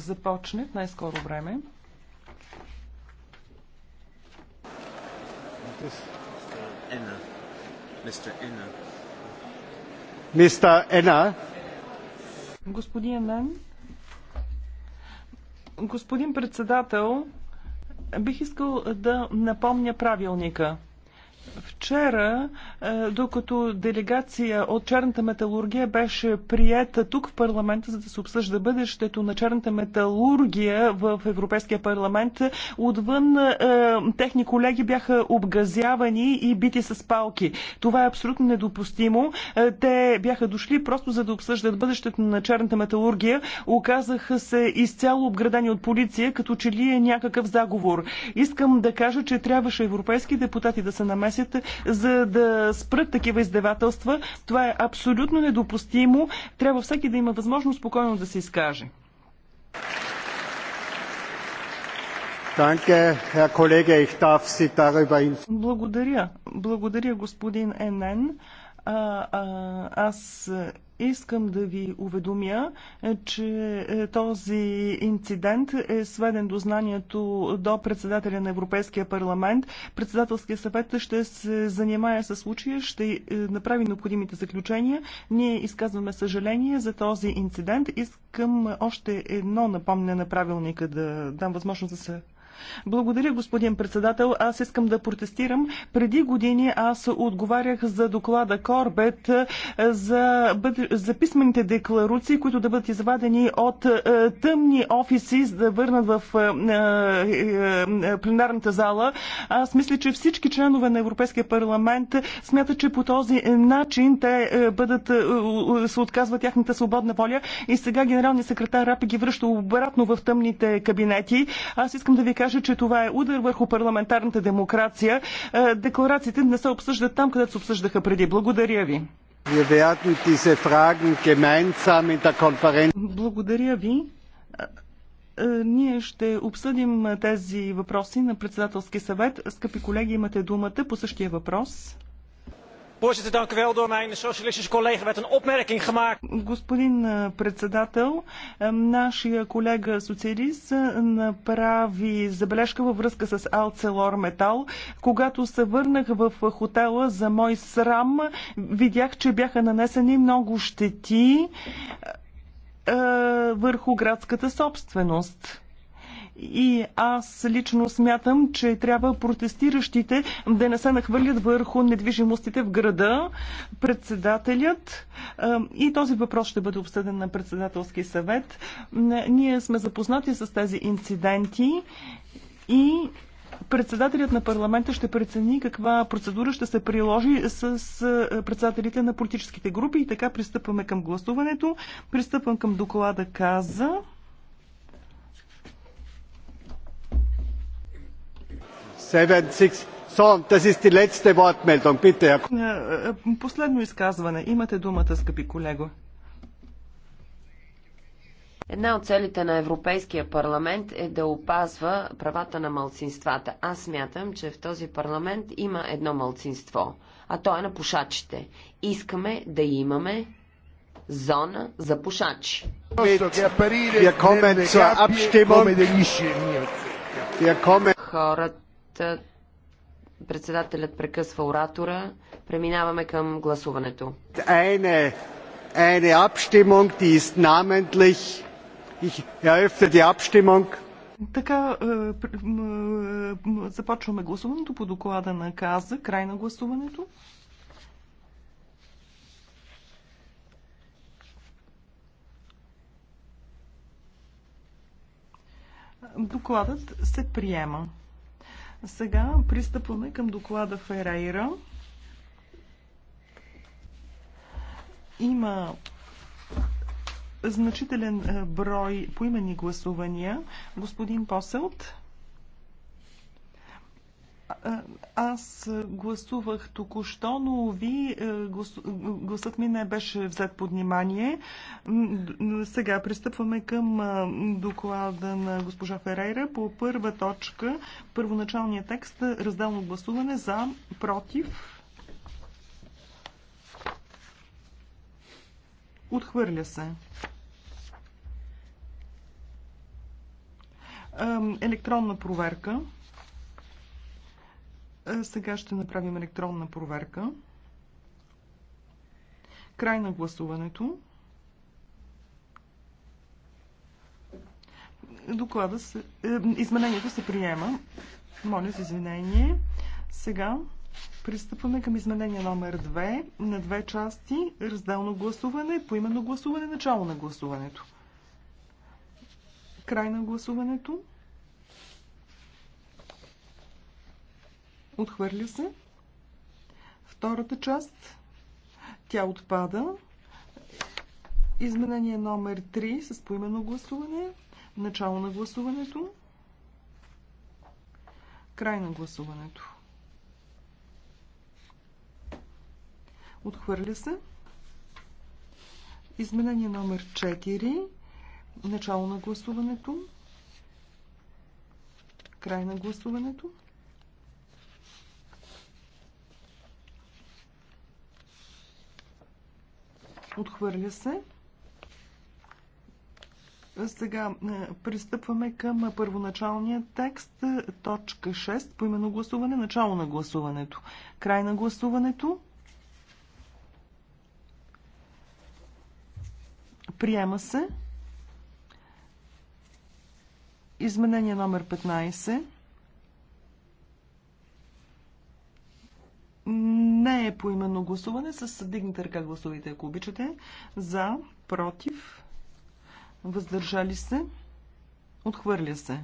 започне в най-скоро време. Мистер Ена. Господин Нен. Господин председател, бих искал да напомня правилника. Вчера, е, докато делегация от черната металургия беше приета тук в парламента, за да се обсъжда бъдещето на черната металургия в Европейския парламент, отвън е, техни колеги бяха обгазявани и бити с палки. Това е абсолютно недопустимо. Е, те бяха дошли просто за да обсъждат бъдещето на черната металургия. Оказаха се изцяло обградени от полиция, като че ли е някакъв заговор. Искам да кажа, че трябваше европейски депутати да се намесят допринасят за да спрат такива издевателства. Това е абсолютно недопустимо. Трябва всеки да има възможност спокойно да се изкаже. Благодаря. Благодаря, господин Енен. А, а, аз Искам да ви уведомя, е, че е, този инцидент е сведен до знанието до председателя на Европейския парламент. Председателския съвет ще се занимае с случая, ще е, направи необходимите заключения. Ние изказваме съжаление за този инцидент. Искам още едно напомня на правилника да дам възможност да се благодаря, господин председател. Аз искам да протестирам. Преди години аз отговарях за доклада Корбет е, за, за писмените декларации, които да бъдат извадени от е, тъмни офиси, за да върнат в е, пленарната зала. Аз мисля, че всички членове на Европейския парламент смятат, че по този начин те бъдат, се отказват тяхната свободна воля и сега генералният секретар Рапи ги връща обратно в тъмните кабинети. Аз искам да ви кажа, кажа, че това е удар върху парламентарната демокрация. Е, декларациите не се обсъждат там, където се обсъждаха преди. Благодаря ви. Благодаря ви. Е, е, ние ще обсъдим тези въпроси на председателски съвет. Скъпи колеги, имате думата по същия въпрос. Voorzitter, dank u wel. Door mijn socialistische collega werd een opmerking gemaakt. Господин eh, председател, eh, нашия колега социалист eh, направи забележка във връзка с Алцелор Метал. Когато се върнах в хотела за мой срам, видях, че бяха нанесени много щети върху градската собственост. И аз лично смятам, че трябва протестиращите да не се нахвърлят върху недвижимостите в града. Председателят и този въпрос ще бъде обсъден на председателски съвет. Ние сме запознати с тези инциденти и председателят на парламента ще прецени каква процедура ще се приложи с председателите на политическите групи и така пристъпваме към гласуването. Пристъпвам към доклада Каза. Последно изказване. Имате думата, скъпи колего. Една от целите на Европейския парламент е да опазва правата на малцинствата. Аз смятам, че в този парламент има едно малцинство, а то е на пушачите. Искаме да имаме зона за пушачи. Хората Председателят прекъсва оратора. Преминаваме към гласуването. Eine, eine Abstimmung, die ist namentlich. Ich eröffne die Abstimmung. Така, е, започваме гласуването по доклада на КАЗа. Край на гласуването. Докладът се приема. Сега пристъпваме към доклада Ферейра. Има значителен е, брой поимени гласувания. Господин Поселт. Аз гласувах току-що, но ви е, гласът ми не беше взет под внимание. Сега пристъпваме към доклада на госпожа Ферейра по първа точка, първоначалния текст, разделно гласуване за, против. Отхвърля се. Електронна проверка. Е, сега ще направим електронна проверка. Край на гласуването. Доклада се, е, изменението се приема. Моля за извинение. Сега пристъпваме към изменение номер 2 на две части. Разделно гласуване, поименно гласуване, начало на гласуването. Край на гласуването. Отхвърля се. Втората част. Тя отпада. Изменение номер 3 с поименно гласуване. Начало на гласуването. Край на гласуването. Отхвърля се. Изменение номер 4. Начало на гласуването. Край на гласуването. Отхвърля се. Сега е, пристъпваме към първоначалния текст, е, точка 6, по именно гласуване, начало на гласуването, край на гласуването. Приема се. Изменение номер 15. Не е поименно гласуване. С дигната ръка гласувайте, ако обичате. За, против, въздържали се, отхвърля се.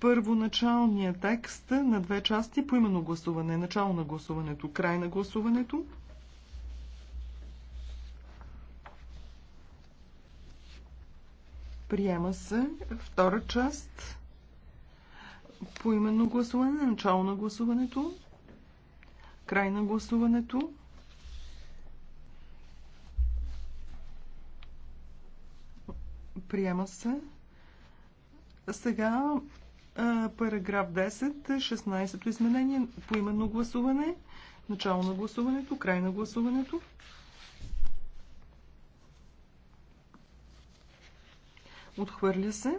Първоначалният текст на две части по именно гласуване. Начало на гласуването, край на гласуването. Приема се втора част. По именно гласуване, начало на гласуването, край на гласуването. Приема се. Сега параграф 10, 16-то изменение, по именно гласуване, начало на гласуването, край на гласуването. Отхвърля се.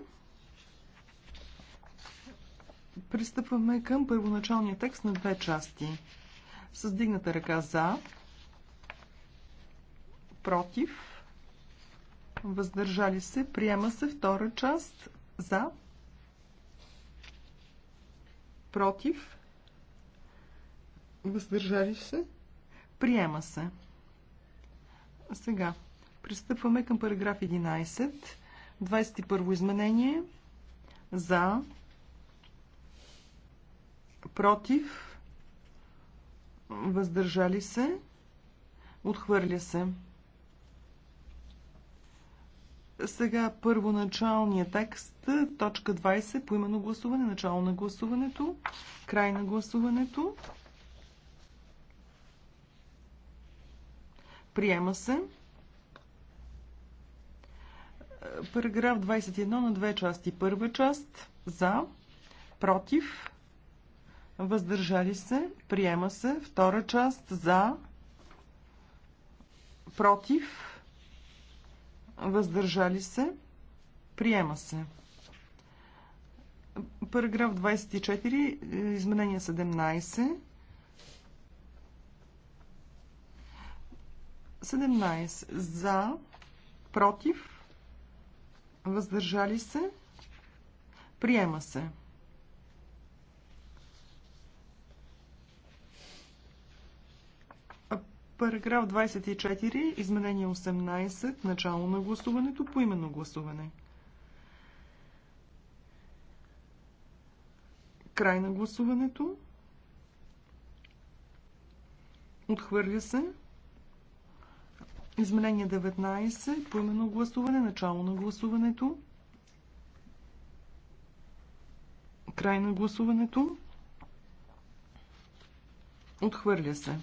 Пристъпваме към първоначалния текст на две части. С дигната ръка за, против, въздържали се, приема се втора част за, против, въздържали се, приема се. Сега, пристъпваме към параграф 11, 21 изменение, за, против, против, въздържали се, отхвърля се. Сега първоначалният текст, точка 20, поименно гласуване, начало на гласуването, край на гласуването. Приема се. Параграф 21 на две части. Първа част за, против, въздържали се, приема се. Втора част за, против, въздържали се, приема се. Параграф 24, изменение 17. 17 за, против, въздържали се, приема се. Параграф 24, изменение 18, начало на гласуването, по именно гласуване. Край на гласуването. Отхвърля се. Изменение 19, по именно гласуване, начало на гласуването. Край на гласуването. Отхвърля се.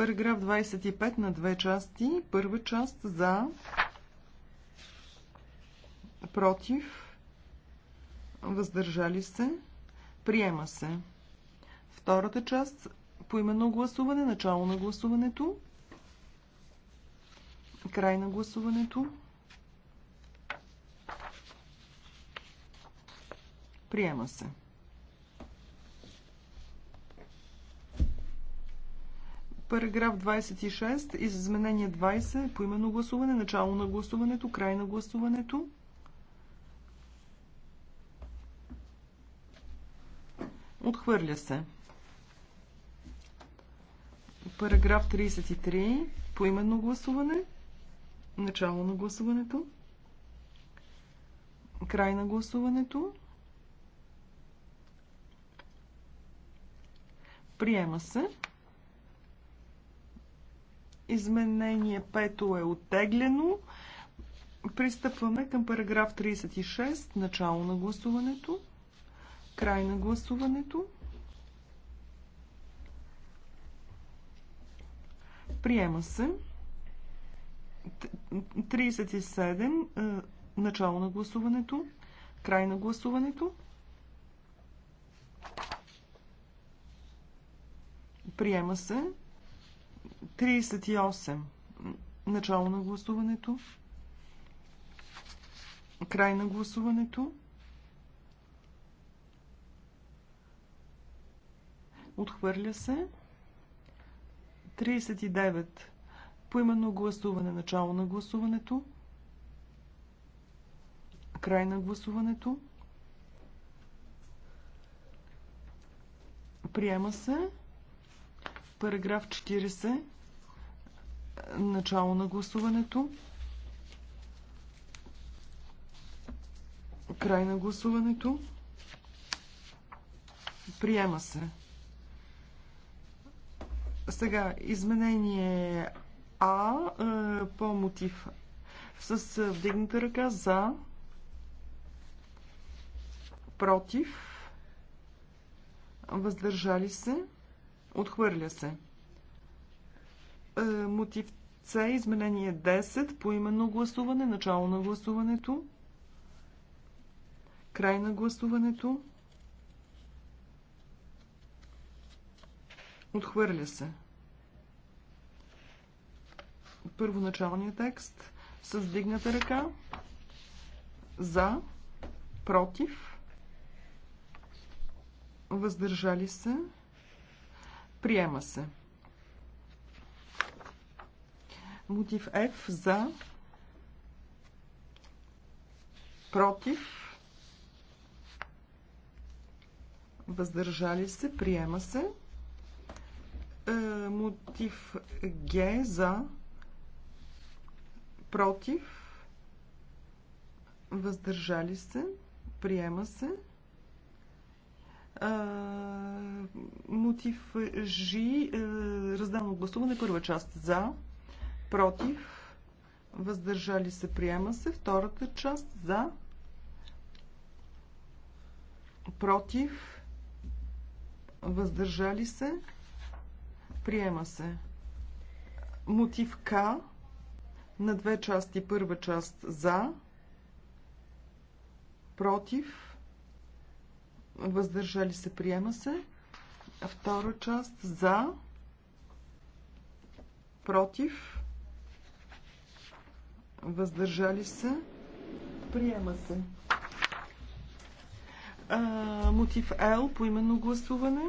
Параграф 25 на две части. Първа част за, против, въздържали се, приема се. Втората част по именно гласуване, начало на гласуването, край на гласуването. Приема се. Параграф 26, изменение 20, поименно гласуване, начало на гласуването, край на гласуването. Отхвърля се. Параграф 33, поименно гласуване, начало на гласуването, край на гласуването. Приема се. Изменение 5 е оттеглено. Пристъпваме към параграф 36, начало на гласуването, край на гласуването. Приема се. 37, е, начало на гласуването, край на гласуването. Приема се. 38. Начало на гласуването. Край на гласуването. Отхвърля се. 39. Поименно гласуване. Начало на гласуването. Край на гласуването. Приема се. Параграф 40. Начало на гласуването. Край на гласуването. Приема се. Сега, изменение А е, по мотив с е, вдигната ръка за, против, въздържали се. Отхвърля се. Е, мотив С. Изменение 10. по именно гласуване. Начало на гласуването. Край на гласуването. Отхвърля се. Първоначалният текст с дигната ръка. За. Против. Въздържали се. Приема се. Мотив F за против въздържали се, приема се. Е, мотив G за против въздържали се, приема се мотив Ж. Е, Разделно гласуване. Първа част за, против, въздържали се, приема се. Втората част за, против, въздържали се, приема се. Мотив К на две части. Първа част за, против, въздържали се, приема се. Втора част за, против, въздържали се, приема се. А, мотив L по именно гласуване.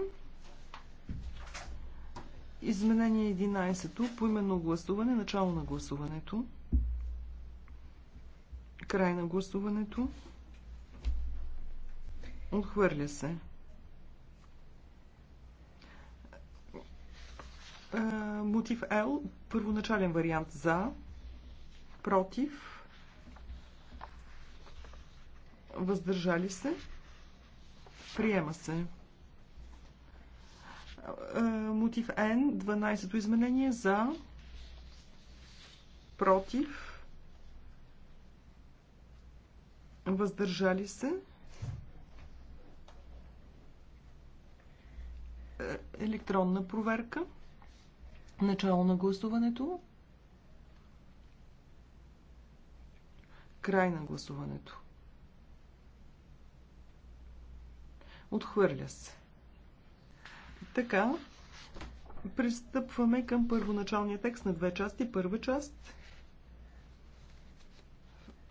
Изменение 11-то по именно гласуване, начало на гласуването, край на гласуването. Отхвърля се. Е, мотив L, първоначален вариант за, против, въздържали се, приема се. Е, мотив N, 12-то изменение за, против, въздържали се, електронна проверка. Начало на гласуването. Край на гласуването. Отхвърля се. Така, пристъпваме към първоначалния текст на две части. Първа част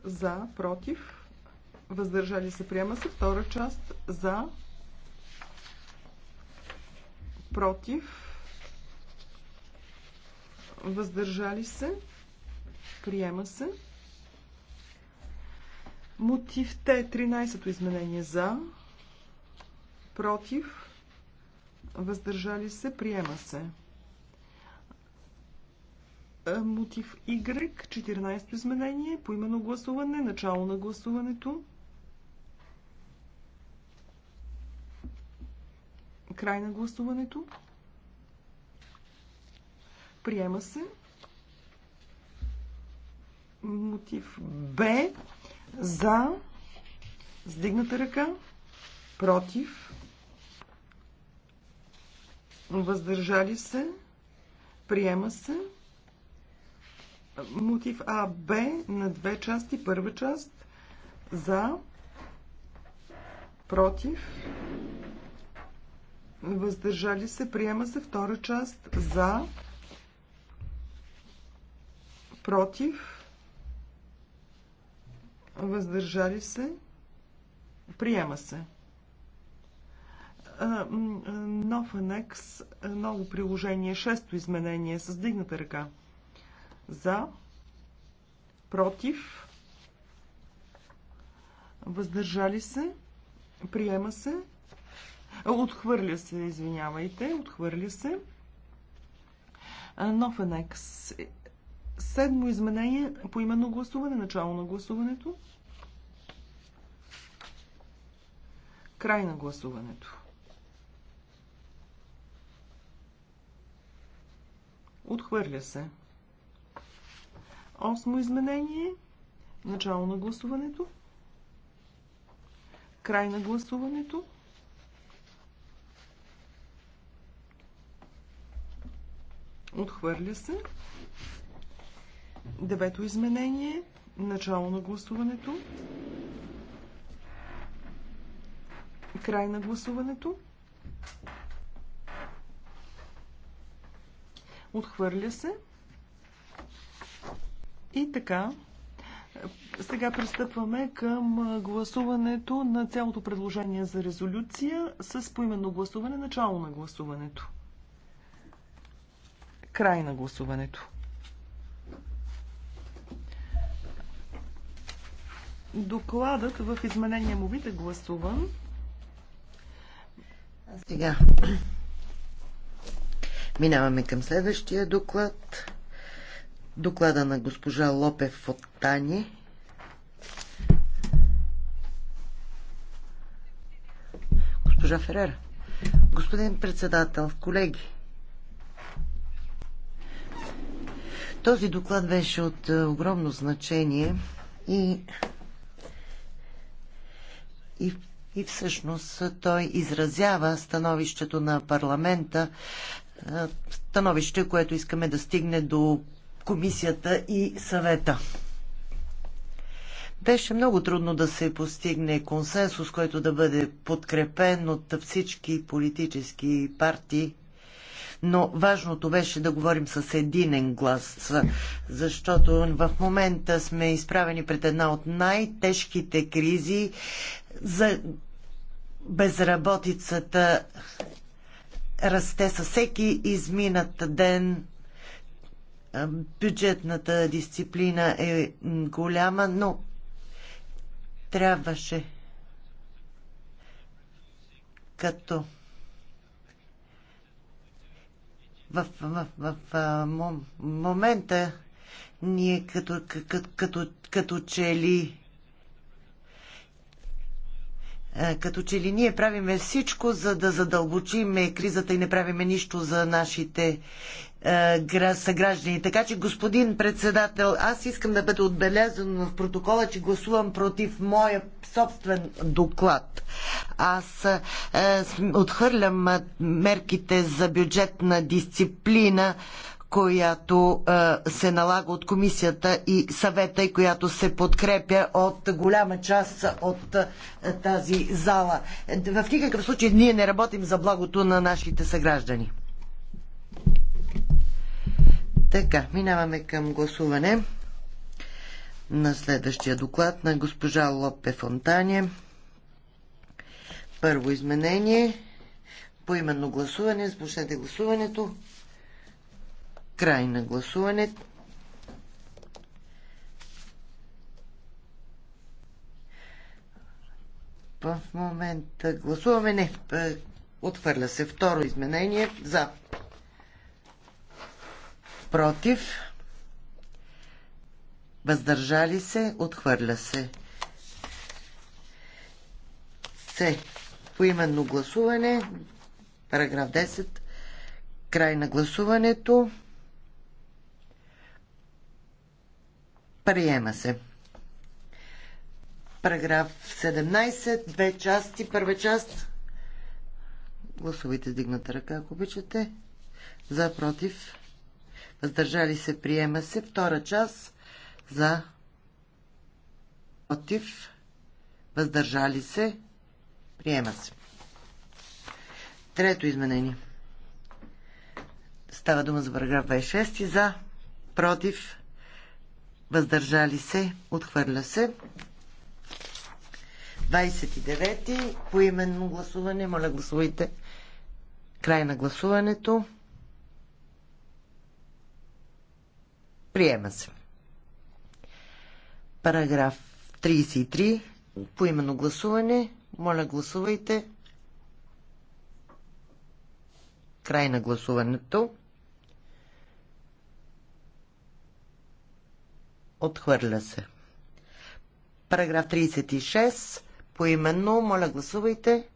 за, против, въздържали се, приема се. Втора част за, против, въздържали се, приема се. Мотив Т, 13-то изменение за, против, въздържали се, приема се. Е, мотив Y, 14-то изменение, поименно гласуване, начало на гласуването. Край на гласуването. Приема се. Мотив Б. За. Сдигната ръка. Против. Въздържали се. Приема се. Мотив А, Б на две части. Първа част. За. Против въздържали се, приема се. Втора част за, против, въздържали се, приема се. Нов анекс, ново приложение, шесто изменение с дигната ръка. За, против, въздържали се, приема се. Отхвърля се, извинявайте, отхвърля се. Нов анекс. Седмо изменение по именно гласуване, начало на гласуването. Край на гласуването. Отхвърля се. Осмо изменение. Начало на гласуването. Край на гласуването. Отхвърля се. Девето изменение. Начало на гласуването. Край на гласуването. Отхвърля се. И така, сега пристъпваме към гласуването на цялото предложение за резолюция с поименно гласуване, начало на гласуването. Край на гласуването. Докладът в изменение му вид е гласуван. А сега минаваме към следващия доклад. Доклада на госпожа Лопев от Тани. Госпожа Ферера. Господин председател, колеги, Този доклад беше от е, огромно значение и, и, и всъщност той изразява становището на парламента, е, становище, което искаме да стигне до комисията и съвета. Беше много трудно да се постигне консенсус, който да бъде подкрепен от всички политически партии но важното беше да говорим с единен глас, защото в момента сме изправени пред една от най-тежките кризи за безработицата расте със всеки изминат ден бюджетната дисциплина е голяма, но трябваше като в, в, в, в момента ние като, като, като, като че ли като че ли ние правиме всичко, за да задълбочиме кризата и не правиме нищо за нашите е, съграждани. Така че, господин председател, аз искам да бъде отбелязано в протокола, че гласувам против моя собствен доклад. Аз е, отхвърлям е, мерките за бюджетна дисциплина, която е, се налага от комисията и съвета и която се подкрепя от голяма част от е, тази зала. Е, в никакъв случай ние не работим за благото на нашите съграждани. Така, минаваме към гласуване на следващия доклад на госпожа Лопе Фонтане. Първо изменение. По именно гласуване. Започнете гласуването. Край на гласуването. В момента гласуваме. Не, е, отхвърля се. Второ изменение. За против, въздържали се, отхвърля се. С. Поименно гласуване. Параграф 10. Край на гласуването. Приема се. Параграф 17. Две части. Първа част. Гласувайте с дигната ръка, ако обичате. За, против въздържали се, приема се. Втора част за, против, въздържали се, приема се. Трето изменение. Става дума за параграф 26 за, против, въздържали се, отхвърля се. 29 по гласуване. Моля, гласувайте. Край на гласуването. Приема се. Параграф 33. По именно гласуване. Моля, гласувайте. Край на гласуването. Отхвърля се. Параграф 36. По именно. Моля, гласувайте.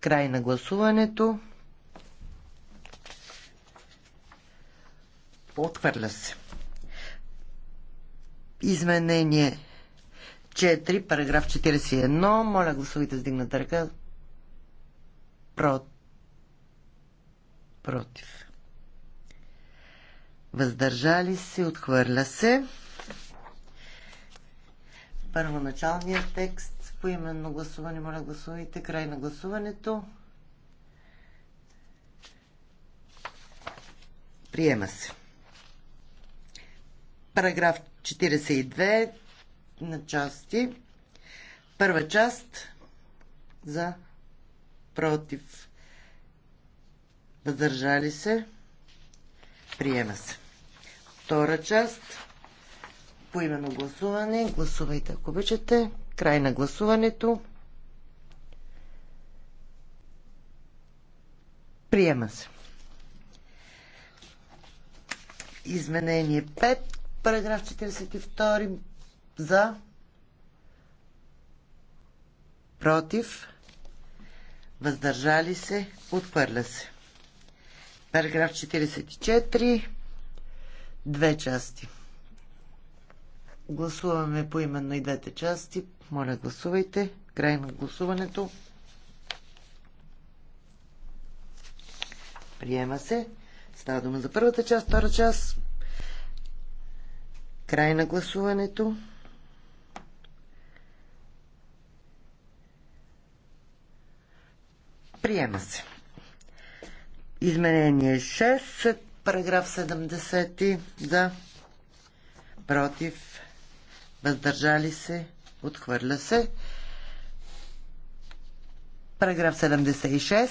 Край на гласуването. Отхвърля се. Изменение 4, параграф 41. Моля, гласувайте с дигната ръка. Про... Против. Въздържали се, отхвърля се. Първоначалният текст по именно гласуване. Моля, гласувайте. Край на гласуването. Приема се. Параграф 42 на части. Първа част за против. Въздържали се. Приема се. Втора част. Поименно гласуване. Гласувайте, ако обичате. Край на гласуването. Приема се. Изменение 5 Параграф 42 за. Против. Въздържали се. Отхвърля се. Параграф 44. Две части. Гласуваме по именно и двете части. Моля, гласувайте. Край на гласуването. Приема се. Става дума за първата част, втора част. Край на гласуването. Приема се. Изменение 6, параграф 70 за да. против, въздържали се, отхвърля се. Параграф 76.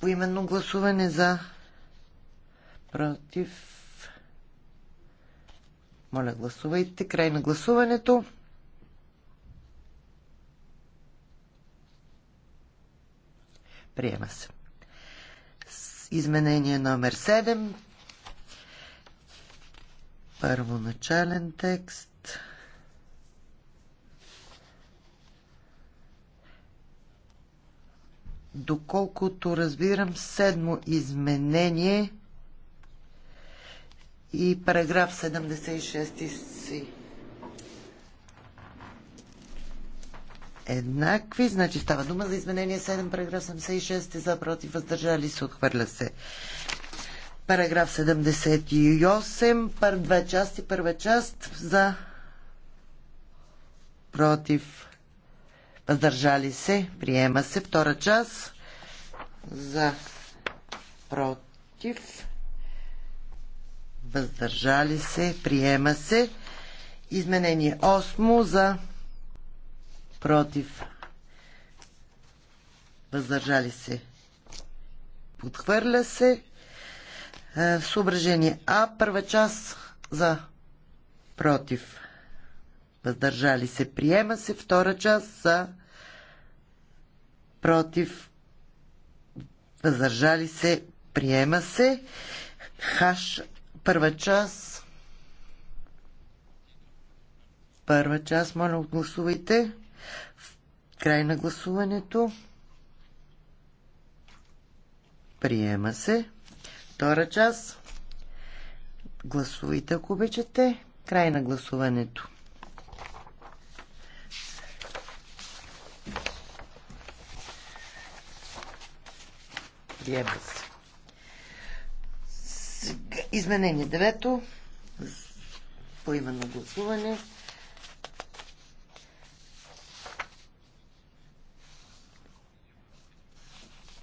Поименно гласуване за против моля, гласувайте. Край на гласуването. Приема се. С изменение номер 7. Първоначален текст. Доколкото разбирам, седмо изменение и параграф 76 си. еднакви. Значи става дума за изменение 7, параграф 76, за против, въздържали се, отхвърля се. Параграф 78, пар две части, първа част за против, въздържали се, приема се. Втора част за против, въздържали се, приема се. Изменение 8 за против, въздържали се, подхвърля се. Е, съображение А, първа част за против, въздържали се, приема се. Втора част за против, въздържали се, приема се. Хаш Първа част. Първа част, моля, гласувайте. Край на гласуването. Приема се. Втора част. Гласувайте, ако обичате. Край на гласуването. Приема се. Изменение 9. Поименно гласуване.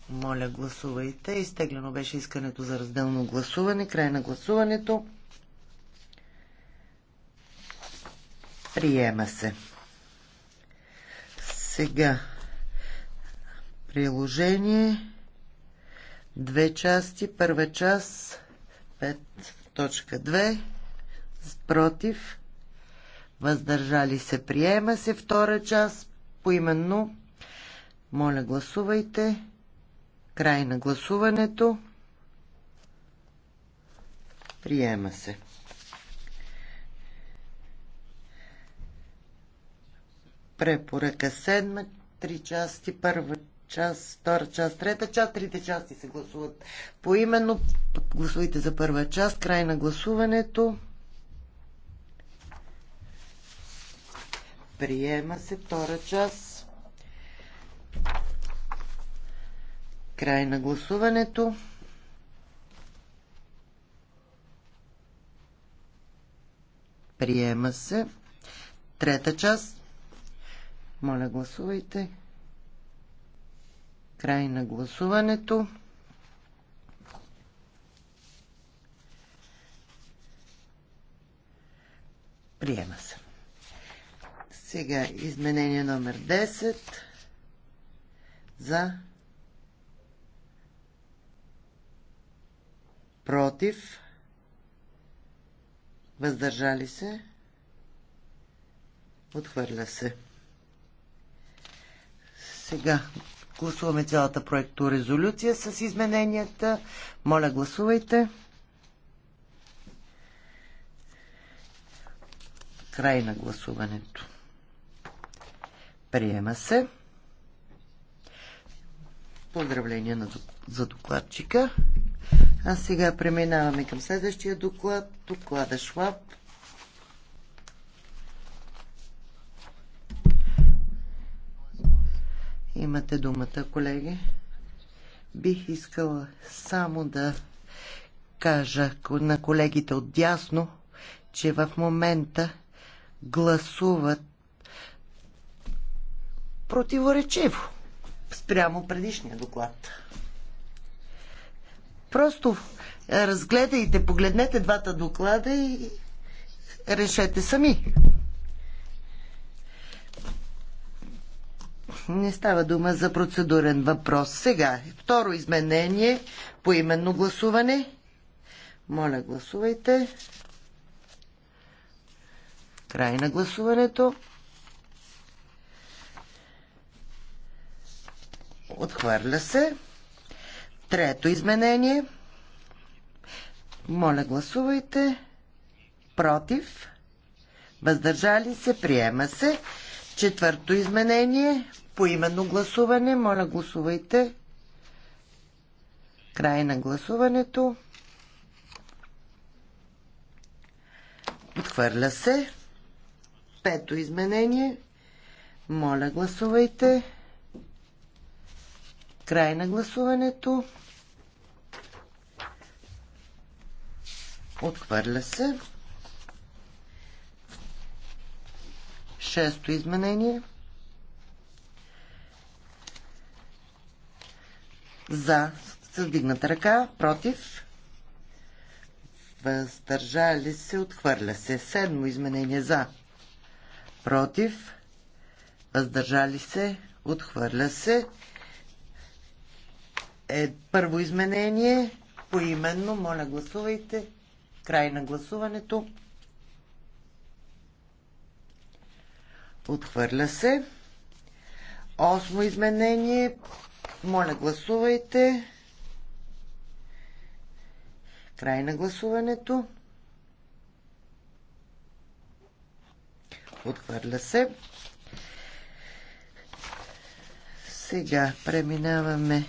Моля, гласувайте. Изтеглено беше искането за разделно гласуване. Край на гласуването. Приема се. Сега. Приложение. Две части. Първа част 5.2 против въздържали се приема се втора част поименно моля гласувайте край на гласуването приема се препоръка седма три части първа Час, втора част, трета част, трите части се гласуват поименно. Гласувайте за първа част, край на гласуването. Приема се втора част. Край на гласуването. Приема се. Трета част. Моля, гласувайте. Край на гласуването. Приема се. Сега изменение номер 10 за против въздържали се отхвърля се. Сега гласуваме цялата резолюция с измененията. Моля, гласувайте. Край на гласуването. Приема се. Поздравления на, за докладчика. А сега преминаваме към следващия доклад. Доклада Шваб. Имате думата, колеги. Бих искала само да кажа на колегите от дясно, че в момента гласуват противоречиво спрямо предишния доклад. Просто е, разгледайте, погледнете двата доклада и решете сами. Не става дума за процедурен въпрос. Сега, второ изменение по именно гласуване. Моля, гласувайте. Край на гласуването. Отхвърля се. Трето изменение. Моля, гласувайте. Против. Въздържали се. Приема се. Четвърто изменение поименно гласуване. Моля, гласувайте. Край на гласуването. Отхвърля се. Пето изменение. Моля, гласувайте. Край на гласуването. Отхвърля се. Шесто изменение. за с вдигната ръка, против, въздържали се, отхвърля се. Седмо изменение за, против, въздържали се, отхвърля се. Е, първо изменение, поименно, моля гласувайте. Край на гласуването. Отхвърля се. Осмо изменение, моля, гласувайте. Край на гласуването. Отхвърля се. Сега преминаваме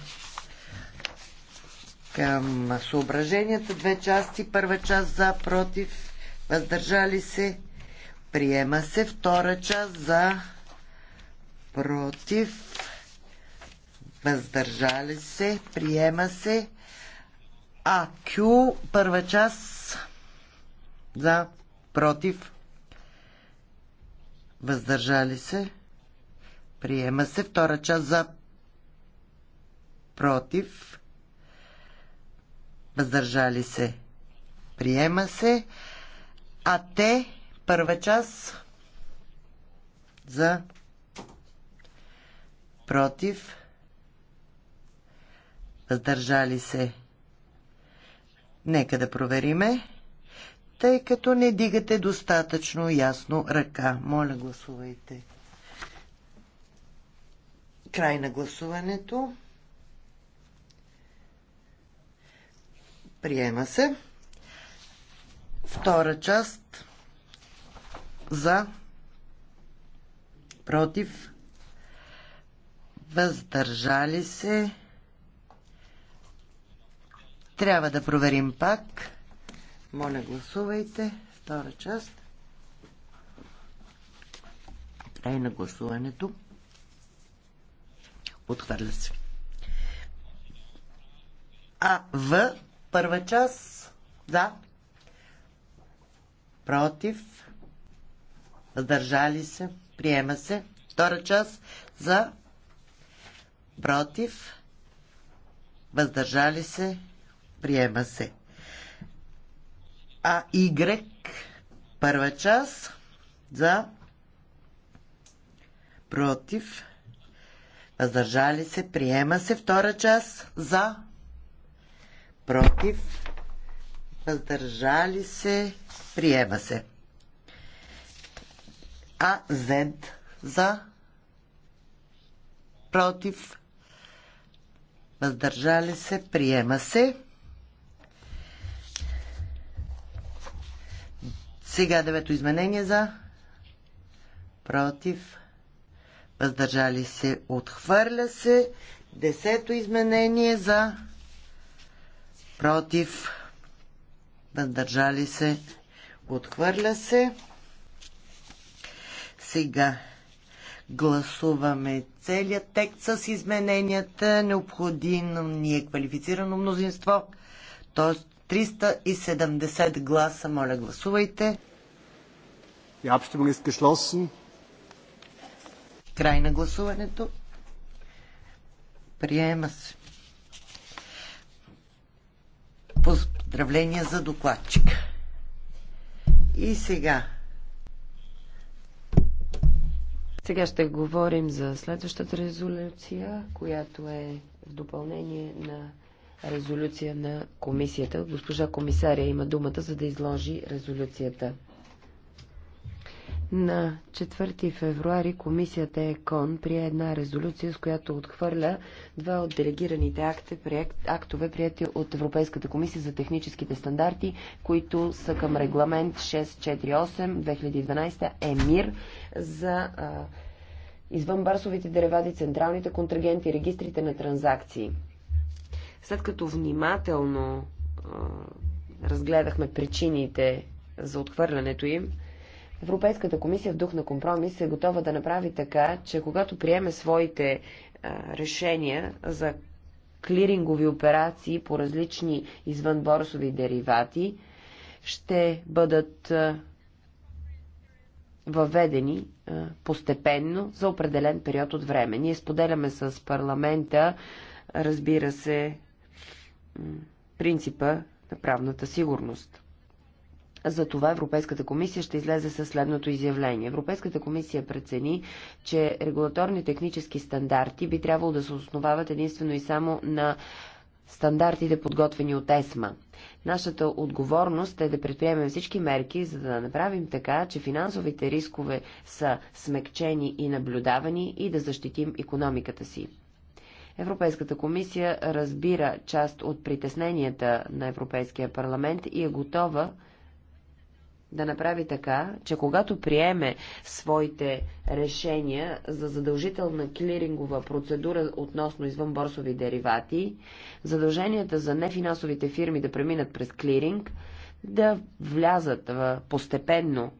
към съображенията. Две части. Първа част за, против, въздържали се. Приема се. Втора част за, против, въздържали се, приема се. А Кю, първа част, за, против, въздържали се, приема се. Втора част за, против, въздържали се, приема се. А те, първа част, за, против, въздържали се. Нека да провериме, тъй като не дигате достатъчно ясно ръка. Моля, гласувайте. Край на гласуването. Приема се. Втора част за против въздържали се трябва да проверим пак. Моля, гласувайте. Втора част. Край на гласуването. Отхвърля се. А в първа част за против въздържали се приема се втора част за против въздържали се Приема се. А Y. Първа част. За. Против. Въздържали се. Приема се. Втора част. За. Против. Въздържали се. Приема се. А Z. За. Против. Въздържали се. Приема се. Сега девето изменение за против. Въздържали се. Отхвърля се. Десето изменение за против. Въздържали се. Отхвърля се. Сега гласуваме целият текст с измененията, необходимо ни е квалифицирано мнозинство, т.е. 370 гласа. Моля, гласувайте. Die Abstimmung Край на гласуването. Приема се. Поздравления за докладчика. И сега. Сега ще говорим за следващата резолюция, която е в допълнение на резолюция на комисията. Госпожа комисаря има думата, за да изложи резолюцията. На 4 февруари комисията ЕКОН прие една резолюция, с която отхвърля два от делегираните акте, актове, прияти от Европейската комисия за техническите стандарти, които са към регламент 648-2012 ЕМИР за извънбарсовите деревади, централните контрагенти, регистрите на транзакции. След като внимателно а, разгледахме причините за отхвърлянето им, Европейската комисия в дух на компромис е готова да направи така, че когато приеме своите а, решения за клирингови операции по различни извънборсови деривати, ще бъдат а, въведени а, постепенно за определен период от време. Ние споделяме с парламента, разбира се, принципа на правната сигурност. За това Европейската комисия ще излезе със следното изявление. Европейската комисия прецени, че регулаторни технически стандарти би трябвало да се основават единствено и само на стандартите, подготвени от ЕСМА. Нашата отговорност е да предприемем всички мерки, за да направим така, че финансовите рискове са смекчени и наблюдавани и да защитим економиката си. Европейската комисия разбира част от притесненията на Европейския парламент и е готова да направи така, че когато приеме своите решения за задължителна клирингова процедура относно извънборсови деривати, задълженията за нефинансовите фирми да преминат през клиринг, да влязат постепенно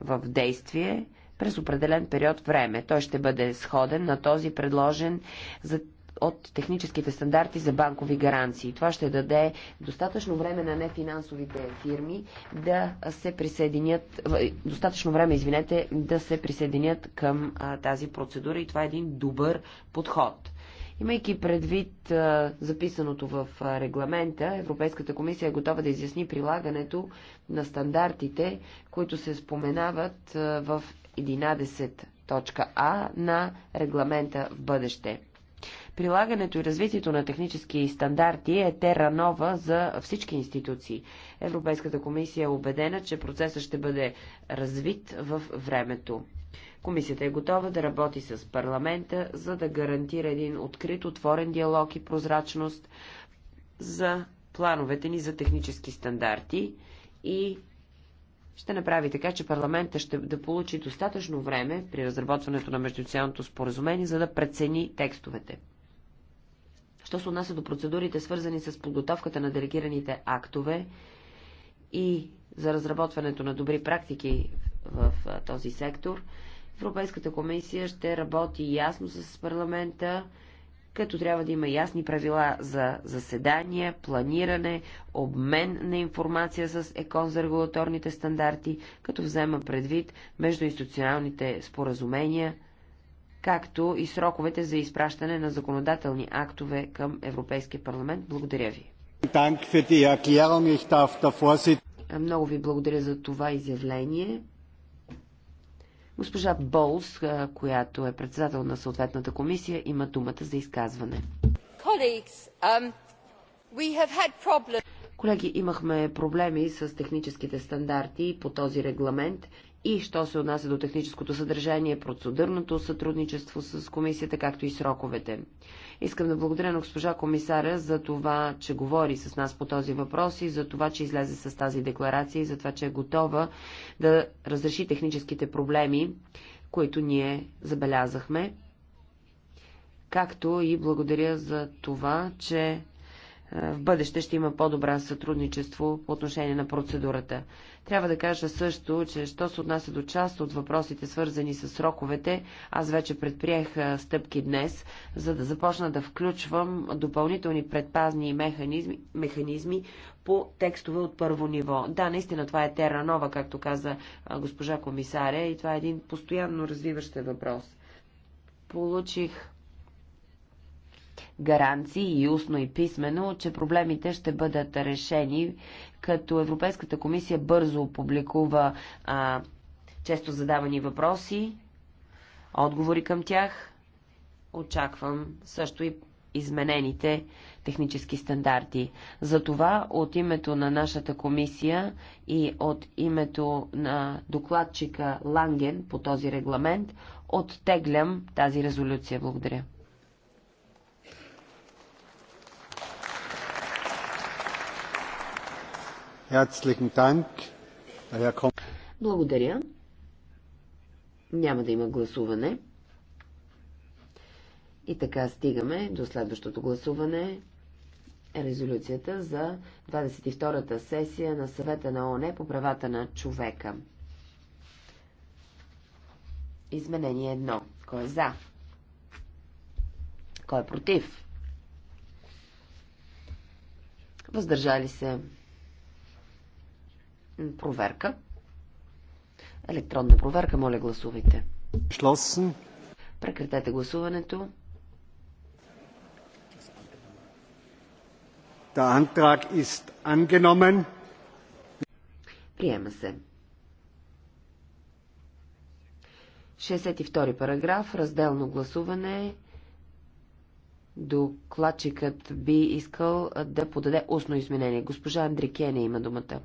в действие през определен период време. Той ще бъде сходен на този предложен за от техническите стандарти за банкови гаранции. Това ще даде достатъчно време на нефинансовите фирми да се присъединят, достатъчно време, извинете, да се присъединят към а, тази процедура и това е един добър подход. Имайки предвид а, записаното в а, регламента, Европейската комисия е готова да изясни прилагането на стандартите, които се споменават а, в 11.а на регламента в бъдеще. Прилагането и развитието на технически стандарти е тера нова за всички институции. Европейската комисия е убедена, че процесът ще бъде развит в времето. Комисията е готова да работи с парламента, за да гарантира един открит, отворен диалог и прозрачност за плановете ни за технически стандарти и ще направи така, че парламента ще да получи достатъчно време при разработването на междуционното споразумение, за да прецени текстовете. Що се отнася до процедурите, свързани с подготовката на делегираните актове и за разработването на добри практики в този сектор, Европейската комисия ще работи ясно с парламента като трябва да има ясни правила за заседания, планиране, обмен на информация с ЕКОН за регулаторните стандарти, като взема предвид междуинституционалните споразумения, както и сроковете за изпращане на законодателни актове към Европейския парламент. Благодаря ви. Много ви благодаря за това изявление. Госпожа Болс, която е председател на съответната комисия, има думата за изказване. Um, Колеги, имахме проблеми с техническите стандарти по този регламент и що се отнася до техническото съдържание, процедурното сътрудничество с комисията, както и сроковете. Искам да благодаря на госпожа комисаря за това, че говори с нас по този въпрос и за това, че излезе с тази декларация и за това, че е готова да разреши техническите проблеми, които ние забелязахме. Както и благодаря за това, че в бъдеще ще има по-добра сътрудничество по отношение на процедурата. Трябва да кажа също, че що се отнася до част от въпросите, свързани с сроковете, аз вече предприех стъпки днес, за да започна да включвам допълнителни предпазни механизми, механизми по текстове от първо ниво. Да, наистина това е тера нова, както каза госпожа комисаря, и това е един постоянно развиващ въпрос. Получих гаранции и устно и писмено, че проблемите ще бъдат решени, като Европейската комисия бързо публикува а, често задавани въпроси, отговори към тях. Очаквам също и изменените технически стандарти. Затова от името на нашата комисия и от името на докладчика Ланген по този регламент оттеглям тази резолюция. Благодаря. Благодаря. Няма да има гласуване. И така стигаме до следващото гласуване. Резолюцията за 22-та сесия на съвета на ОНЕ по правата на човека. Изменение 1. Кой е за? Кой е против? Въздържали се проверка. Електронна проверка, моля гласувайте. Шлосен. Прекратете гласуването. Der Antrag ист ангеномен. Приема се. 62 параграф, разделно гласуване. Докладчикът би искал да подаде устно изменение. Госпожа Андрикене има думата.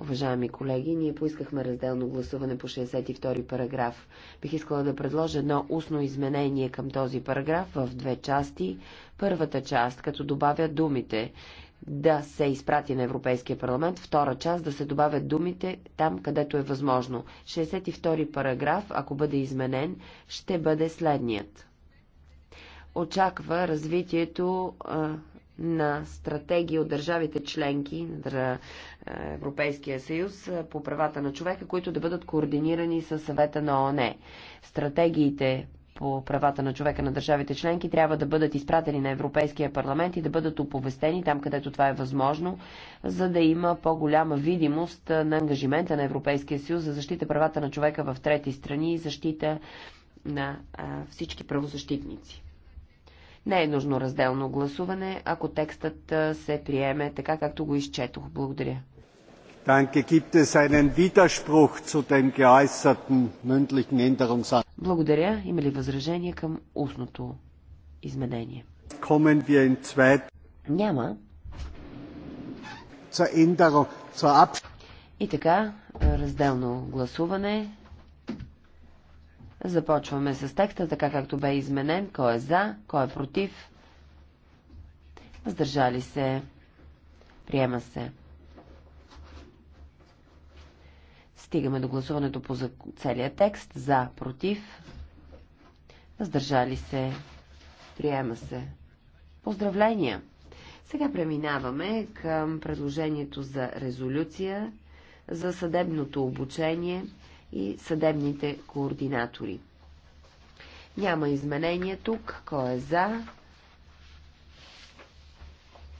Уважаеми колеги, ние поискахме разделно гласуване по 62 параграф. Бих искала да предложа едно устно изменение към този параграф в две части. Първата част, като добавя думите да се изпрати на Европейския парламент, втора част да се добавят думите там, където е възможно. 62 параграф, ако бъде изменен, ще бъде следният. Очаква развитието на стратегии от държавите членки на е, Европейския съюз е, по правата на човека, които да бъдат координирани със съвета на ООН. Стратегиите по правата на човека на държавите членки трябва да бъдат изпратени на Европейския парламент и да бъдат оповестени там, където това е възможно, за да има по-голяма видимост е, на ангажимента на Европейския съюз за защита правата на човека в трети страни и защита на всички правозащитници. Не е нужно разделно гласуване, ако текстът се приеме така, както го изчетох. Благодаря. Благодаря. Има ли възражение към устното изменение? Няма. И така, разделно гласуване Започваме с текста, така както бе изменен. Кой е за, кой е против? Въздържали се. Приема се. Стигаме до гласуването по целия текст. За, против. Въздържали се. Приема се. Поздравления! Сега преминаваме към предложението за резолюция за съдебното обучение и съдебните координатори. Няма изменение тук. Кой е за?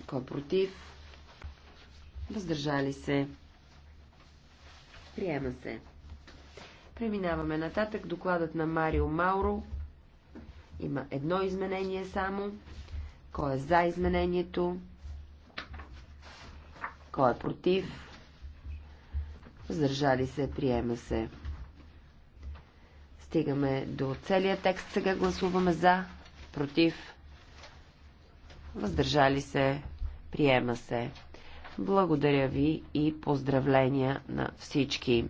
Кой е против? Въздържали се. Приема се. Преминаваме нататък. Докладът на Марио Мауро. Има едно изменение само. Кой е за изменението? Кой е против? Въздържали се. Приема се. Стигаме до целия текст. Сега гласуваме за, против, въздържали се, приема се. Благодаря ви и поздравления на всички.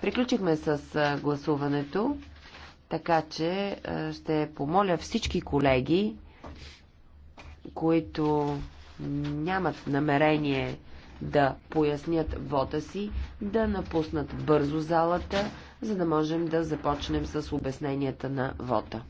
Приключихме с гласуването, така че ще помоля всички колеги, които нямат намерение да пояснят вота си, да напуснат бързо залата, за да можем да започнем с обясненията на вота.